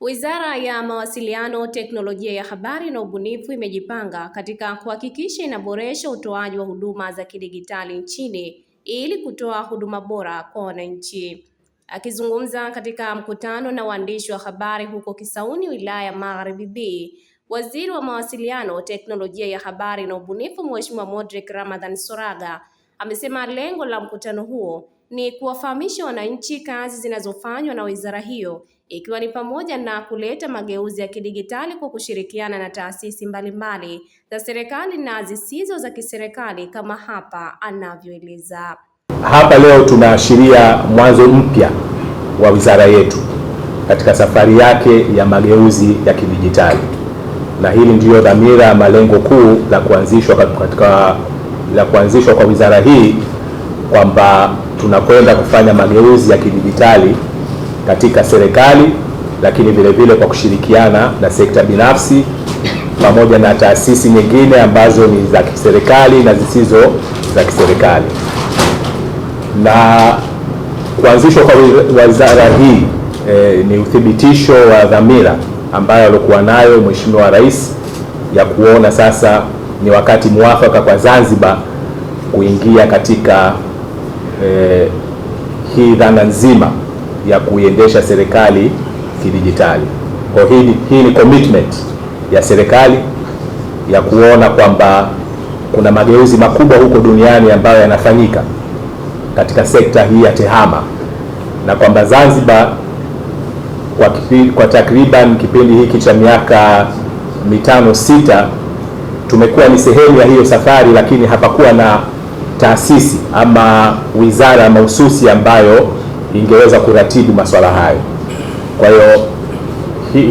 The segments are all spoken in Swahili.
Wizara ya Mawasiliano, Teknolojia ya Habari na Ubunifu imejipanga katika kuhakikisha inaboresha utoaji wa huduma za kidigitali nchini ili kutoa huduma bora kwa wananchi. Akizungumza katika mkutano na waandishi wa habari huko Kisauni, wilaya ya Magharibi B, Waziri wa Mawasiliano, Teknolojia ya Habari na Ubunifu, Mheshimiwa Modrick Ramadhan Soraga amesema lengo la mkutano huo ni kuwafahamisha wananchi kazi zinazofanywa na wizara hiyo ikiwa ni pamoja na kuleta mageuzi ya kidigitali kwa kushirikiana na taasisi mbalimbali za serikali na zisizo za kiserikali kama hapa anavyoeleza. Hapa leo tunaashiria mwanzo mpya wa wizara yetu katika safari yake ya mageuzi ya kidijitali, na hili ndiyo dhamira ya malengo kuu la kuanzishwa katika la kuanzishwa kwa wizara hii kwamba tunakwenda kufanya mageuzi ya kidijitali katika serikali, lakini vile vile kwa kushirikiana na sekta binafsi pamoja na taasisi nyingine ambazo ni za kiserikali na zisizo za kiserikali. Na kuanzishwa kwa wizara hii eh, ni uthibitisho wa dhamira ambayo alikuwa nayo Mheshimiwa Rais ya kuona sasa ni wakati mwafaka kwa Zanzibar kuingia katika eh, hii dhana nzima ya kuiendesha serikali kidijitali. Kwa hii ni, hii ni commitment ya serikali ya kuona kwamba kuna mageuzi makubwa huko duniani ambayo yanafanyika katika sekta hii ya tehama na kwamba Zanzibar kwa, kwa takriban kipindi hiki cha miaka mitano sita tumekuwa ni sehemu ya hiyo safari, lakini hapakuwa na taasisi ama wizara mahususi ambayo ingeweza kuratibu masuala hayo. Kwa hiyo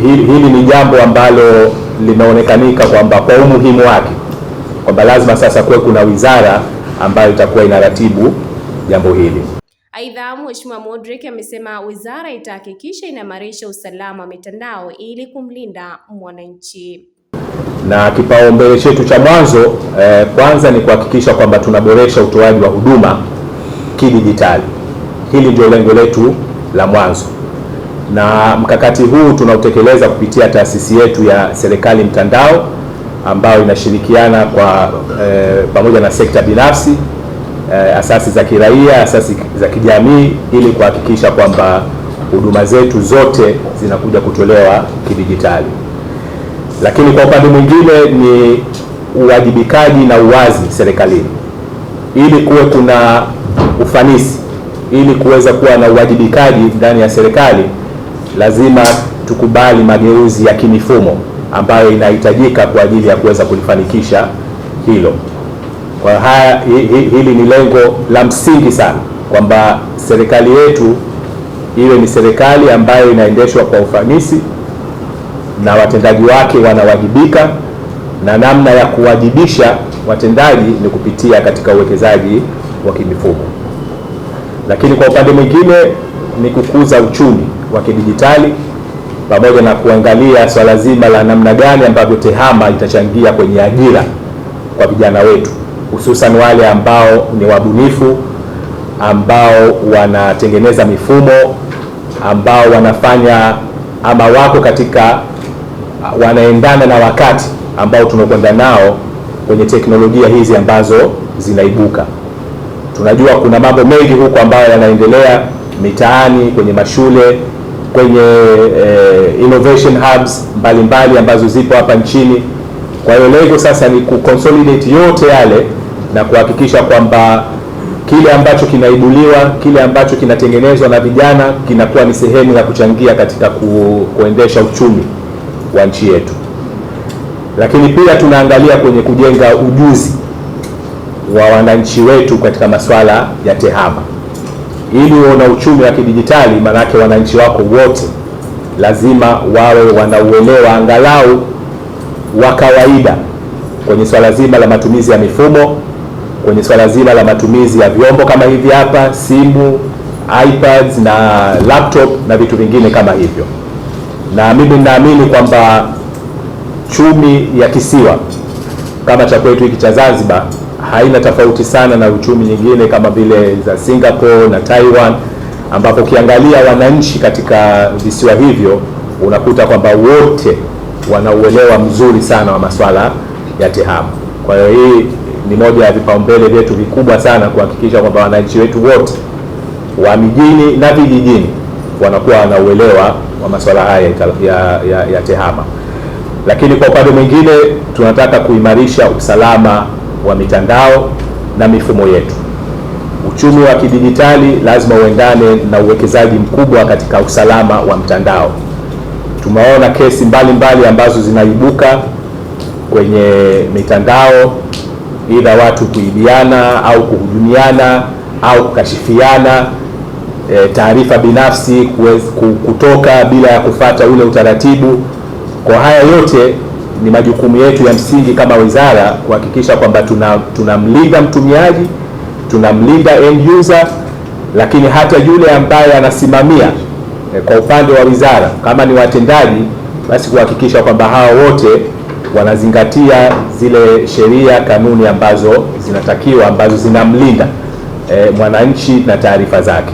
hili, ni jambo ambalo limeonekanika kwamba kwa umuhimu wake kwamba lazima sasa kuwe kuna wizara ambayo itakuwa inaratibu jambo hili. Aidha, Mheshimiwa Modric amesema wizara itahakikisha inaimarisha usalama wa mitandao ili kumlinda mwananchi na kipaumbele chetu cha mwanzo eh, kwanza ni kuhakikisha kwamba tunaboresha utoaji wa huduma kidijitali. Hili ndio lengo letu la mwanzo, na mkakati huu tunautekeleza kupitia taasisi yetu ya serikali mtandao ambayo inashirikiana kwa eh, pamoja na sekta binafsi eh, asasi za kiraia, asasi za kijamii ili kuhakikisha kwamba huduma zetu zote zinakuja kutolewa kidijitali. Lakini kwa upande mwingine ni uwajibikaji na uwazi serikalini, ili kuwe kuna ufanisi, ili kuweza kuwa na uwajibikaji ndani ya serikali, lazima tukubali mageuzi ya kimifumo ambayo inahitajika kwa ajili ya kuweza kulifanikisha hilo. Kwa haya hili ni lengo la msingi sana kwamba serikali yetu iwe ni serikali ambayo inaendeshwa kwa ufanisi na watendaji wake wanawajibika, na namna ya kuwajibisha watendaji ni kupitia katika uwekezaji wa kimifumo. Lakini kwa upande mwingine ni kukuza uchumi wa kidijitali pamoja na kuangalia swala zima la namna gani ambavyo TEHAMA itachangia kwenye ajira kwa vijana wetu, hususan wale ambao ni wabunifu, ambao wanatengeneza mifumo, ambao wanafanya ama wako katika wanaendana na wakati ambao tunakwenda nao kwenye teknolojia hizi ambazo zinaibuka. Tunajua kuna mambo mengi huko ambayo yanaendelea mitaani, kwenye mashule, kwenye eh, innovation hubs mbalimbali mbali ambazo zipo hapa nchini. Kwa hiyo lengo sasa ni kuconsolidate yote yale na kuhakikisha kwamba kile ambacho kinaibuliwa, kile ambacho kinatengenezwa na vijana kinakuwa ni sehemu ya kuchangia katika ku, kuendesha uchumi wa nchi yetu, lakini pia tunaangalia kwenye kujenga ujuzi wa wananchi wetu katika masuala ya tehama, ili na uchumi wa kidijitali. Maanake wananchi wako wote lazima wawe wanauelewa angalau wa kawaida kwenye swala zima la matumizi ya mifumo, kwenye swala zima la matumizi ya vyombo kama hivi hapa, simu, iPads na laptop na vitu vingine kama hivyo na mimi ninaamini kwamba chumi ya kisiwa kama cha kwetu hiki cha Zanzibar haina tofauti sana na uchumi nyingine kama vile za Singapore na Taiwan, ambapo ukiangalia wananchi katika visiwa hivyo unakuta kwamba wote wanauelewa mzuri sana wa masuala ya tehama. Kwa hiyo hii ni moja ya vipaumbele vyetu vikubwa sana kuhakikisha kwamba wananchi wetu wote wa mijini na vijijini wanakuwa na uelewa wa masuala haya ya, ya, ya tehama. Lakini kwa upande mwingine tunataka kuimarisha usalama wa mitandao na mifumo yetu. Uchumi wa kidijitali lazima uendane na uwekezaji mkubwa katika usalama wa mtandao. Tumeona kesi mbalimbali mbali ambazo zinaibuka kwenye mitandao, ila watu kuibiana au kuhujumiana au kukashifiana e, taarifa binafsi kuwez, kutoka bila ya kufata ule utaratibu. Kwa haya yote ni majukumu yetu ya msingi kama wizara kuhakikisha kwamba tunamlinda tuna mtumiaji, tunamlinda end user, lakini hata yule ambaye anasimamia e, kwa upande wa wizara kama ni watendaji, basi kuhakikisha kwamba hawa wote wanazingatia zile sheria, kanuni ambazo zinatakiwa ambazo zinamlinda e, mwananchi na taarifa zake.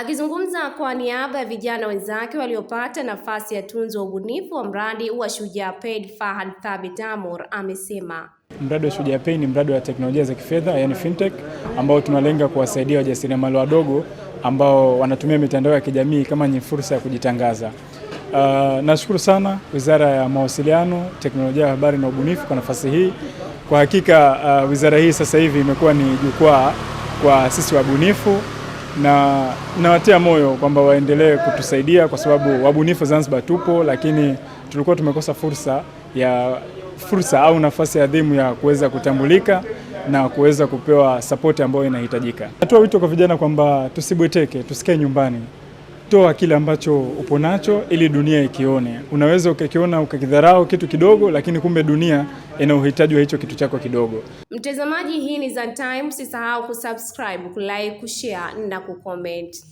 Akizungumza kwa niaba ya vijana wenzake waliopata nafasi ya tunzo ubunifu wa mradi wa Shujaa Paid, Fahad Thabit Amor amesema mradi wa Shujaa Paid ni mradi wa teknolojia za kifedha yani fintech, ambao tunalenga kuwasaidia wajasiriamali wadogo ambao wanatumia mitandao ya kijamii kama ni fursa ya kujitangaza. Uh, nashukuru sana Wizara ya Mawasiliano, Teknolojia ya Habari na Ubunifu kwa nafasi hii. Kwa hakika uh, wizara hii sasa hivi imekuwa ni jukwaa kwa sisi wabunifu na nawatia moyo kwamba waendelee kutusaidia kwa sababu wabunifu Zanzibar tupo, lakini tulikuwa tumekosa fursa ya fursa au nafasi adhimu ya kuweza kutambulika na kuweza kupewa sapoti ambayo inahitajika. Natoa wito kwa vijana kwamba tusibweteke, tusikae nyumbani toa kile ambacho upo nacho ili dunia ikione. Unaweza ukakiona ukakidharau kitu kidogo, lakini kumbe dunia ina uhitaji wa hicho kitu chako kidogo. Mtazamaji, hii ni Zantime, usisahau kusubscribe, kulike, kushare na kucomment.